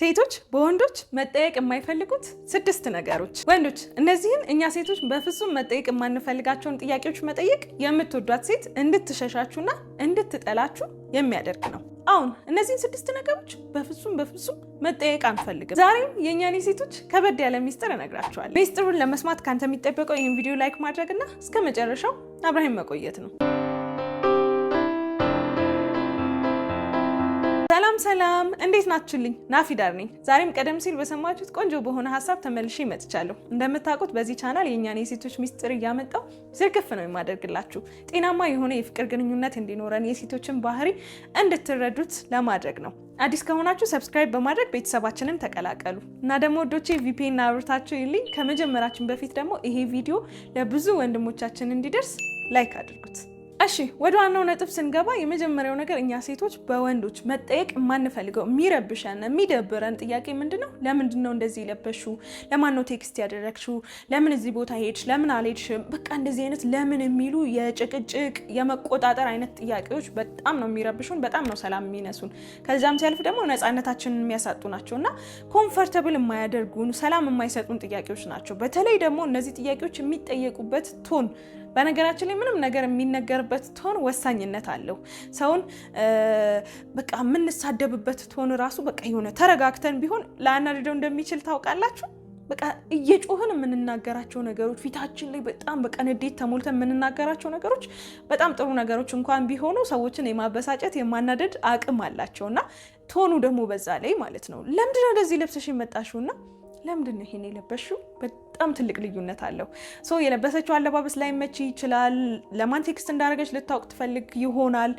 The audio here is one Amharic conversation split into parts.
ሴቶች በወንዶች መጠየቅ የማይፈልጉት ስድስት ነገሮች። ወንዶች እነዚህን እኛ ሴቶች በፍጹም መጠየቅ የማንፈልጋቸውን ጥያቄዎች መጠየቅ የምትወዷት ሴት እንድትሸሻችሁና እንድትጠላችሁ የሚያደርግ ነው። አሁን እነዚህን ስድስት ነገሮች በፍጹም በፍጹም መጠየቅ አንፈልግም። ዛሬም የእኛን ሴቶች ከበድ ያለ ሚስጥር እነግራቸዋለሁ። ሚስጥሩን ለመስማት ካንተ የሚጠበቀው ይህን ቪዲዮ ላይክ ማድረግና እስከ መጨረሻው አብረን መቆየት ነው። ሰላም ሰላም፣ እንዴት ናችሁልኝ? ናፊዳር ነኝ። ዛሬም ቀደም ሲል በሰማችሁት ቆንጆ በሆነ ሀሳብ ተመልሼ መጥቻለሁ። እንደምታውቁት በዚህ ቻናል የእኛን የሴቶች ሚስጥር እያመጣው ዝርግፍ ነው የማደርግላችሁ። ጤናማ የሆነ የፍቅር ግንኙነት እንዲኖረን የሴቶችን ባህሪ እንድትረዱት ለማድረግ ነው። አዲስ ከሆናችሁ ሰብስክራይብ በማድረግ ቤተሰባችንን ተቀላቀሉ እና ደግሞ ወዶቼ ቪፒኤን አብርታችሁ ይልኝ። ከመጀመራችን በፊት ደግሞ ይሄ ቪዲዮ ለብዙ ወንድሞቻችን እንዲደርስ ላይክ አድርጉት። እሺ ወደ ዋናው ነጥብ ስንገባ የመጀመሪያው ነገር እኛ ሴቶች በወንዶች መጠየቅ የማንፈልገው የሚረብሸን የሚደብረን ጥያቄ ምንድን ነው? ለምንድን ነው እንደዚህ የለበሹ? ለማን ነው ቴክስት ያደረግሽው? ለምን እዚህ ቦታ ሄድሽ? ለምን አልሄድሽም? በቃ እንደዚህ አይነት ለምን የሚሉ የጭቅጭቅ የመቆጣጠር አይነት ጥያቄዎች በጣም ነው የሚረብሹን፣ በጣም ነው ሰላም የሚነሱን። ከዚያም ሲያልፍ ደግሞ ነፃነታችንን የሚያሳጡ ናቸው እና ኮምፈርተብል የማያደርጉን ሰላም የማይሰጡን ጥያቄዎች ናቸው። በተለይ ደግሞ እነዚህ ጥያቄዎች የሚጠየቁበት ቶን በነገራችን ላይ ምንም ነገር የሚነገርበት ትሆን ወሳኝነት አለው። ሰውን በቃ የምንሳደብበት ትሆን ራሱ በቃ የሆነ ተረጋግተን ቢሆን ላናድደው እንደሚችል ታውቃላችሁ። በቃ እየጮህን የምንናገራቸው ነገሮች ፊታችን ላይ በጣም በቃ ንዴት ተሞልተን የምንናገራቸው ነገሮች በጣም ጥሩ ነገሮች እንኳን ቢሆኑ ሰዎችን የማበሳጨት የማናደድ አቅም አላቸው እና ቶኑ ደግሞ በዛ ላይ ማለት ነው። ለምንድነው እንደዚህ ለብሰሽ የመጣሽው እና ለምንድነው ይሄን የለበሽው በጣም ትልቅ ልዩነት አለው። ሶ የለበሰችው አለባበስ ላይ መቼ ይችላል፣ ለማን ቴክስት እንዳደረገች ልታውቅ ትፈልግ ይሆናል፣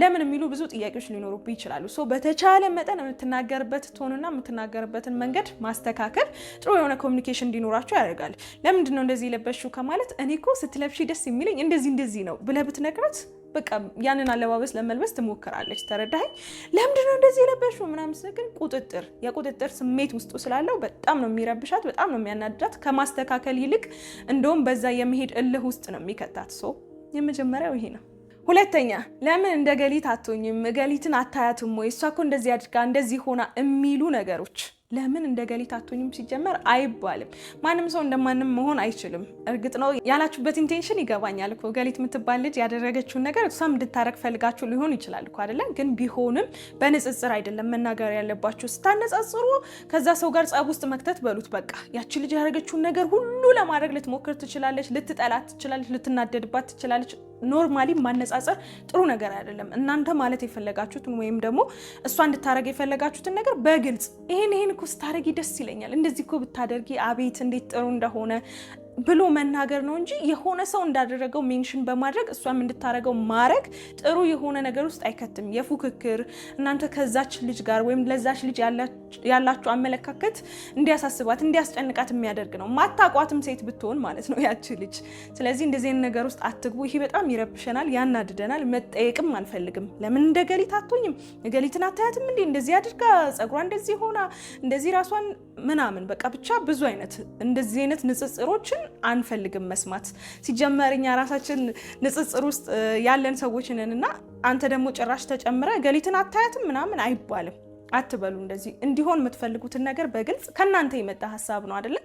ለምን የሚሉ ብዙ ጥያቄዎች ሊኖሩብህ ይችላሉ። ሶ በተቻለ መጠን የምትናገርበት ቶንና የምትናገርበትን መንገድ ማስተካከል ጥሩ የሆነ ኮሚኒኬሽን እንዲኖራቸው ያደርጋል። ለምንድን ነው እንደዚህ የለበሽው ከማለት እኔ እኮ ስትለብሺ ደስ የሚለኝ እንደዚህ እንደዚህ ነው ብለህ ብትነግራት በቃ ያንን አለባበስ ለመልበስ ትሞክራለች። ተረዳኸኝ? ለምንድነው እንደዚህ የለበሽው ምናምን ስል ግን ቁጥጥር የቁጥጥር ስሜት ውስጡ ስላለው በጣም ነው የሚረብሻት፣ በጣም ነው የሚያናድዳት። ከማስተካከል ይልቅ እንደውም በዛ የመሄድ እልህ ውስጥ ነው የሚከታት። ሶ የመጀመሪያው ይሄ ነው። ሁለተኛ ለምን እንደ ገሊት አትሆኝም? ገሊትን አታያትም ወይ? እሷ እኮ እንደዚህ አድርጋ እንደዚህ ሆና የሚሉ ነገሮች ለምን እንደ ገሊት አትሆኝም ሲጀመር አይባልም። ማንም ሰው እንደማንም መሆን አይችልም። እርግጥ ነው ያላችሁበት ኢንቴንሽን ይገባኛል እኮ ገሊት የምትባል ልጅ ያደረገችውን ነገር እሷም እንድታረግ ፈልጋችሁ ሊሆን ይችላል እኮ አይደለ? ግን ቢሆንም በንጽጽር አይደለም መናገር ያለባችሁ። ስታነጻጽሩ ከዛ ሰው ጋር ጸብ ውስጥ መክተት በሉት በቃ። ያቺ ልጅ ያደረገችውን ነገር ሁሉ ለማድረግ ልትሞክር ትችላለች፣ ልትጠላት ትችላለች፣ ልትናደድባት ትችላለች። ኖርማሊ ማነጻጸር ጥሩ ነገር አይደለም። እናንተ ማለት የፈለጋችሁትን ወይም ደግሞ እሷ እንድታደረግ የፈለጋችሁትን ነገር በግልጽ ይሄን ይሄን እኮ ስታረጊ ደስ ይለኛል፣ እንደዚህ እኮ ብታደርጊ አቤት እንዴት ጥሩ እንደሆነ ብሎ መናገር ነው እንጂ የሆነ ሰው እንዳደረገው ሜንሽን በማድረግ እሷም እንድታደረገው ማድረግ ጥሩ የሆነ ነገር ውስጥ አይከትም። የፉክክር እናንተ ከዛች ልጅ ጋር ወይም ለዛች ልጅ ያላችሁ አመለካከት እንዲያሳስባት እንዲያስጨንቃት የሚያደርግ ነው። ማታቋትም ሴት ብትሆን ማለት ነው ያቺ ልጅ። ስለዚህ እንደዚህን ነገር ውስጥ አትግቡ። ይሄ በጣም ይረብሸናል፣ ያናድደናል። መጠየቅም አልፈልግም። ለምን እንደ ገሊት አትሆኝም? ገሊትን አታያትም እንዴ? እንደዚህ አድርጋ ጸጉሯ እንደዚህ ሆና እንደዚህ ራሷን ምናምን በቃ ብቻ ብዙ አይነት እንደዚህ አይነት ንጽጽሮችን አንፈልግም መስማት። ሲጀመር እኛ ራሳችን ንጽጽር ውስጥ ያለን ሰዎች ነን እና አንተ ደግሞ ጭራሽ ተጨምረ ገሊትን አታያትም ምናምን አይባልም። አትበሉ እንደዚህ እንዲሆን የምትፈልጉትን ነገር በግልጽ ከእናንተ የመጣ ሀሳብ ነው አደለ?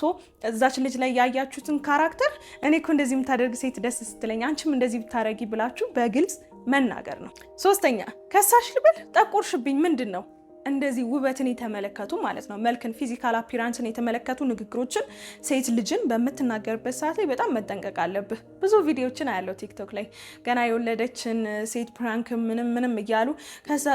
ሶ እዛች ልጅ ላይ ያያችሁትን ካራክተር እኔ እኮ እንደዚህ የምታደርግ ሴት ደስ ስትለኝ አንቺም እንደዚህ ብታረጊ ብላችሁ በግልጽ መናገር ነው። ሶስተኛ ከሳሽ ልበል፣ ጠቆርሽብኝ ምንድን ነው እንደዚህ ውበትን የተመለከቱ ማለት ነው መልክን ፊዚካል አፒራንስን የተመለከቱ ንግግሮችን ሴት ልጅን በምትናገርበት ሰዓት ላይ በጣም መጠንቀቅ አለብህ። ብዙ ቪዲዮችን አያለው ቲክቶክ ላይ ገና የወለደችን ሴት ፕራንክ ምንም ምንም እያሉ ከዛ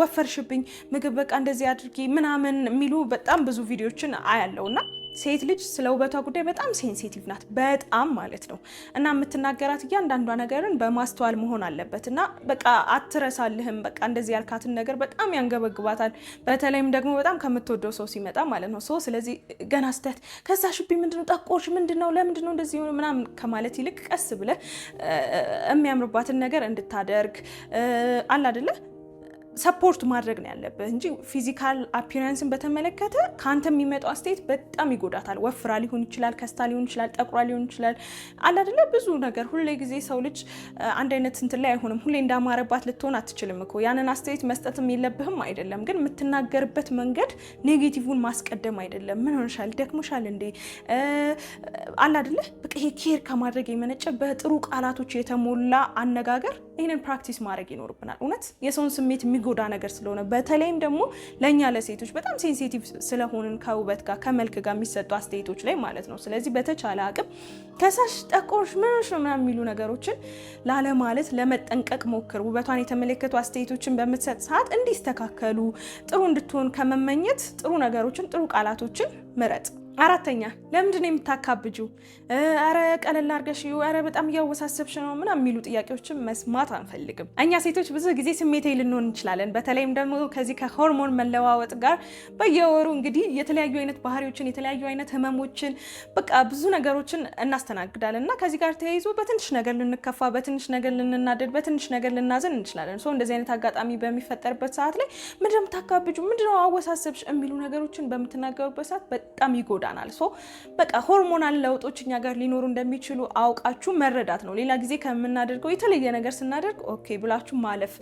ወፈርሽብኝ ምግብ በቃ እንደዚህ አድርጊ ምናምን የሚሉ በጣም ብዙ ቪዲዮችን አያለው እና ሴት ልጅ ስለ ውበቷ ጉዳይ በጣም ሴንሲቲቭ ናት፣ በጣም ማለት ነው። እና የምትናገራት እያንዳንዷ ነገርን በማስተዋል መሆን አለበት እና በቃ አትረሳልህም። በቃ እንደዚህ ያልካትን ነገር በጣም ያንገበግባታል። በተለይም ደግሞ በጣም ከምትወደው ሰው ሲመጣ ማለት ነው ሰው ስለዚህ ገና ስተት ከዛ ሽቢ ምንድነው ጠቆርሽ ምንድነው ለምንድነው እንደዚህ ሆነ ምናምን ከማለት ይልቅ ቀስ ብለህ የሚያምርባትን ነገር እንድታደርግ አላ አደለ ሰፖርት ማድረግ ነው ያለብህ እንጂ ፊዚካል አፒራንስን በተመለከተ ከአንተ የሚመጣው አስተያየት በጣም ይጎዳታል። ወፍራ ሊሆን ይችላል፣ ከስታ ሊሆን ይችላል፣ ጠቁራ ሊሆን ይችላል። አላደለ ብዙ ነገር። ሁሌ ጊዜ ሰው ልጅ አንድ አይነት እንትን ላይ አይሆንም። ሁሌ እንዳማረባት ልትሆን አትችልም እኮ። ያንን አስተያየት መስጠትም የለብህም አይደለም። ግን የምትናገርበት መንገድ ኔጌቲቭን ማስቀደም አይደለም። ምን ሆነሻል? ደክሞሻል እንዴ አላደለ በቃ ይሄ ኬር ከማድረግ የመነጨ በጥሩ ቃላቶች የተሞላ አነጋገር፣ ይህንን ፕራክቲስ ማድረግ ይኖርብናል። እውነት የሰውን ስሜት የሚ የሚጎዳ ነገር ስለሆነ በተለይም ደግሞ ለእኛ ለሴቶች በጣም ሴንሲቲቭ ስለሆንን ከውበት ጋር ከመልክ ጋር የሚሰጡ አስተያየቶች ላይ ማለት ነው። ስለዚህ በተቻለ አቅም ከሳሽ፣ ጠቆሽ ምንሽ ምናምን የሚሉ ነገሮችን ላለማለት ለመጠንቀቅ ሞክር። ውበቷን የተመለከቱ አስተያየቶችን በምትሰጥ ሰዓት እንዲስተካከሉ ጥሩ እንድትሆን ከመመኘት ጥሩ ነገሮችን ጥሩ ቃላቶችን ምረጥ። አራተኛ ለምንድን ነው የምታካብጁ? አረ ቀለል አድርገሽ፣ አረ በጣም እያወሳሰብሽ ነው ምናምን የሚሉ ጥያቄዎችን መስማት አንፈልግም። እኛ ሴቶች ብዙ ጊዜ ስሜታዊ ልንሆን እንችላለን። በተለይም ደግሞ ከዚህ ከሆርሞን መለዋወጥ ጋር በየወሩ እንግዲህ የተለያዩ አይነት ባህሪዎችን፣ የተለያዩ አይነት ህመሞችን፣ በቃ ብዙ ነገሮችን እናስተናግዳለን እና ከዚህ ጋር ተያይዞ በትንሽ ነገር ልንከፋ፣ በትንሽ ነገር ልንናደድ፣ በትንሽ ነገር ልናዘን እንችላለን። ሰው እንደዚህ አይነት አጋጣሚ በሚፈጠርበት ሰዓት ላይ ምንድን ነው የምታካብጁ፣ ምንድን ነው አወሳሰብሽ የሚሉ ነገሮችን በምትናገሩበት ሰዓት በጣም ይጎዳል። ይጎዳናል። ሶ በቃ ሆርሞናል ለውጦች እኛ ጋር ሊኖሩ እንደሚችሉ አውቃችሁ መረዳት ነው። ሌላ ጊዜ ከምናደርገው የተለየ ነገር ስናደርግ ኦኬ ብላችሁ ማለፍ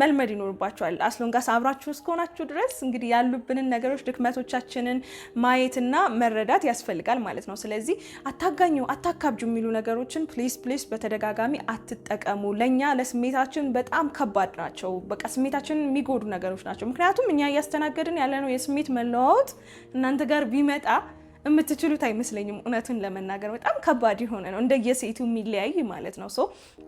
መልመድ ይኖርባችኋል። አስሎንጋስ አብራችሁ እስከሆናችሁ ድረስ እንግዲህ ያሉብንን ነገሮች ድክመቶቻችንን ማየትና መረዳት ያስፈልጋል ማለት ነው። ስለዚህ አታጋኙ፣ አታካብጁ የሚሉ ነገሮችን ፕሊስ ፕሊስ በተደጋጋሚ አትጠቀሙ። ለእኛ ለስሜታችን በጣም ከባድ ናቸው። በቃ ስሜታችን የሚጎዱ ነገሮች ናቸው። ምክንያቱም እኛ እያስተናገድን ያለነው የስሜት መለዋወጥ እናንተ ጋር ቢመ ሲመጣ የምትችሉት አይመስለኝም። እውነቱን ለመናገር በጣም ከባድ የሆነ ነው። እንደየሴቱ የሚለያይ ማለት ነው። ሶ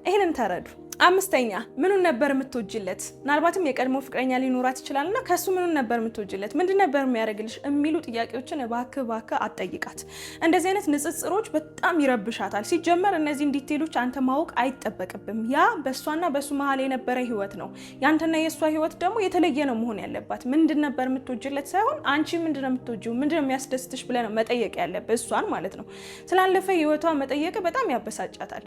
ይህንን ተረዱ። አምስተኛ ምኑን ነበር የምትወጅለት? ምናልባትም የቀድሞ ፍቅረኛ ሊኖራት ይችላልና ከሱ ምኑን ነበር የምትወጅለት? ምንድን ነበር የሚያደርግልሽ? የሚሉ ጥያቄዎችን እባክህ እባክህ አትጠይቃት። እንደዚህ አይነት ንጽጽሮች በጣም ይረብሻታል። ሲጀመር እነዚህን ዲቴሎች አንተ ማወቅ አይጠበቅብም። ያ በእሷና በእሱ መሀል የነበረ ህይወት ነው። ያንተና የእሷ ህይወት ደግሞ የተለየ ነው መሆን ያለባት። ምንድን ነበር የምትወጅለት ሳይሆን አንቺ ምንድን ነው የምትወጂው? ምንድን ነው የሚያስደስትሽ ብለህ ነው መጠየቅ ያለብህ፣ እሷን ማለት ነው። ስላለፈ ህይወቷ መጠየቅ በጣም ያበሳጫታል፣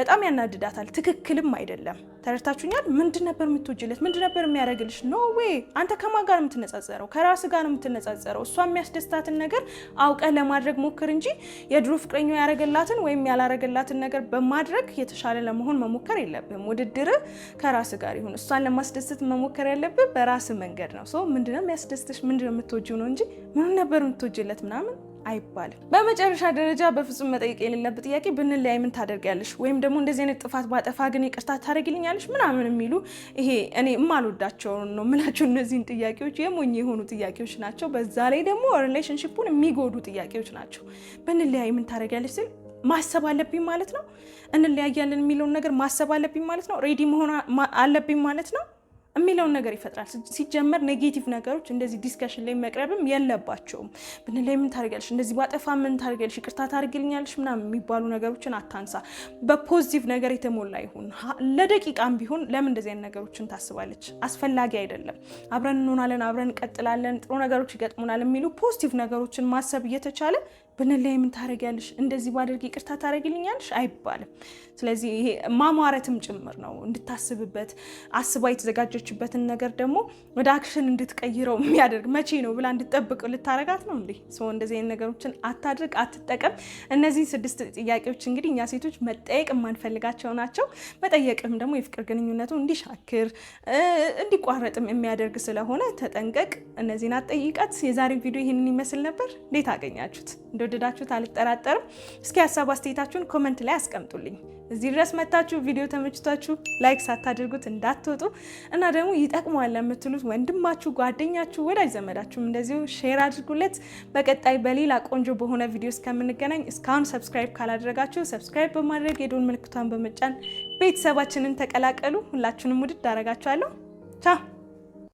በጣም ያናድዳታል። ትክክልም አይደለም። አይደለም። ተረድታችሁኛል? ምንድን ነበር የምትወጅለት? ምንድን ነበር የሚያደርግልሽ? ኖ ዌይ። አንተ ከማን ጋር የምትነጻጸረው? ከራስ ጋር ነው የምትነጻጸረው። እሷ የሚያስደስታትን ነገር አውቀ ለማድረግ ሞክር እንጂ የድሮ ፍቅረኛ ያደረገላትን ወይም ያላረገላትን ነገር በማድረግ የተሻለ ለመሆን መሞከር የለብም። ውድድር ከራስ ጋር ይሁን። እሷን ለማስደሰት መሞከር ያለብህ በራስ መንገድ ነው። ምንድነው የሚያስደስትሽ? ምንድነው የምትወጂው ነው እንጂ ምን ነበር የምትወጅለት ምናምን አይባልም። በመጨረሻ ደረጃ በፍጹም መጠየቅ የሌለበት ጥያቄ ብንለያይ ምን ታደርጊያለሽ? ወይም ደግሞ እንደዚህ አይነት ጥፋት ባጠፋ ግን ይቅርታ ታደርጊልኛለሽ? ምናምን የሚሉ ይሄ እኔ የማልወዳቸውን ነው ምላቸው። እነዚህን ጥያቄዎች የሞኝ የሆኑ ጥያቄዎች ናቸው። በዛ ላይ ደግሞ ሪሌሽንሽፑን የሚጎዱ ጥያቄዎች ናቸው። ብንለያይ ምን ታደርጊያለሽ ስል ማሰብ አለብኝ ማለት ነው። እንለያያለን የሚለውን ነገር ማሰብ አለብኝ ማለት ነው። ሬዲ መሆን አለብኝ ማለት ነው። የሚለውን ነገር ይፈጥራል። ሲጀመር ኔጌቲቭ ነገሮች እንደዚህ ዲስከሽን ላይ መቅረብም የለባቸውም። ምን ላይ ምን ታደርጊያለሽ፣ እንደዚህ ባጠፋ ምን ታደርጊያለሽ፣ ይቅርታ ታደርጊልኛለሽ ምናምን የሚባሉ ነገሮችን አታንሳ። በፖዚቲቭ ነገር የተሞላ ይሁን። ለደቂቃም ቢሆን ለምን እንደዚህ አይነት ነገሮችን ታስባለች? አስፈላጊ አይደለም። አብረን እንሆናለን፣ አብረን እንቀጥላለን፣ ጥሩ ነገሮች ይገጥሙናል የሚሉ ፖዚቲቭ ነገሮችን ማሰብ እየተቻለ በነላይ ምን ታደርጊያለሽ? እንደዚህ ባደርግ ይቅርታ ታደርጊልኛለሽ አይባልም። ስለዚህ ይሄ ማሟረትም ጭምር ነው፣ እንድታስብበት አስባ የተዘጋጀችበትን ነገር ደግሞ ወደ አክሽን እንድትቀይረው የሚያደርግ መቼ ነው ብላ እንድጠብቅ ልታረጋት ነው እንዴ? ሰው እንደዚህ አይነት ነገሮችን አታድርግ፣ አትጠቀም። እነዚህ ስድስት ጥያቄዎች እንግዲህ እኛ ሴቶች መጠየቅ የማንፈልጋቸው ናቸው። መጠየቅም ደግሞ የፍቅር ግንኙነቱ እንዲሻክር እንዲቋረጥም የሚያደርግ ስለሆነ ተጠንቀቅ። እነዚህን አጠይቃት። የዛሬ ቪዲዮ ይህንን ይመስል ነበር። እንዴት አገኛችሁት? እንደወደዳችሁት አልጠራጠርም። እስኪ ሀሳብ አስተያየታችሁን ኮመንት ላይ አስቀምጡልኝ። እዚህ ድረስ መታችሁ ቪዲዮ ተመችቷችሁ ላይክ ሳታደርጉት እንዳትወጡ እና ደግሞ ይጠቅመዋል ለምትሉት ወንድማችሁ፣ ጓደኛችሁ፣ ወዳጅ ዘመዳችሁም እንደዚሁ ሼር አድርጉለት። በቀጣይ በሌላ ቆንጆ በሆነ ቪዲዮ እስከምንገናኝ እስካሁን ሰብስክራይብ ካላደረጋችሁ ሰብስክራይብ በማድረግ የዶን ምልክቷን በመጫን ቤተሰባችንን ተቀላቀሉ። ሁላችሁንም ውድድ አደርጋችኋለሁ። ቻው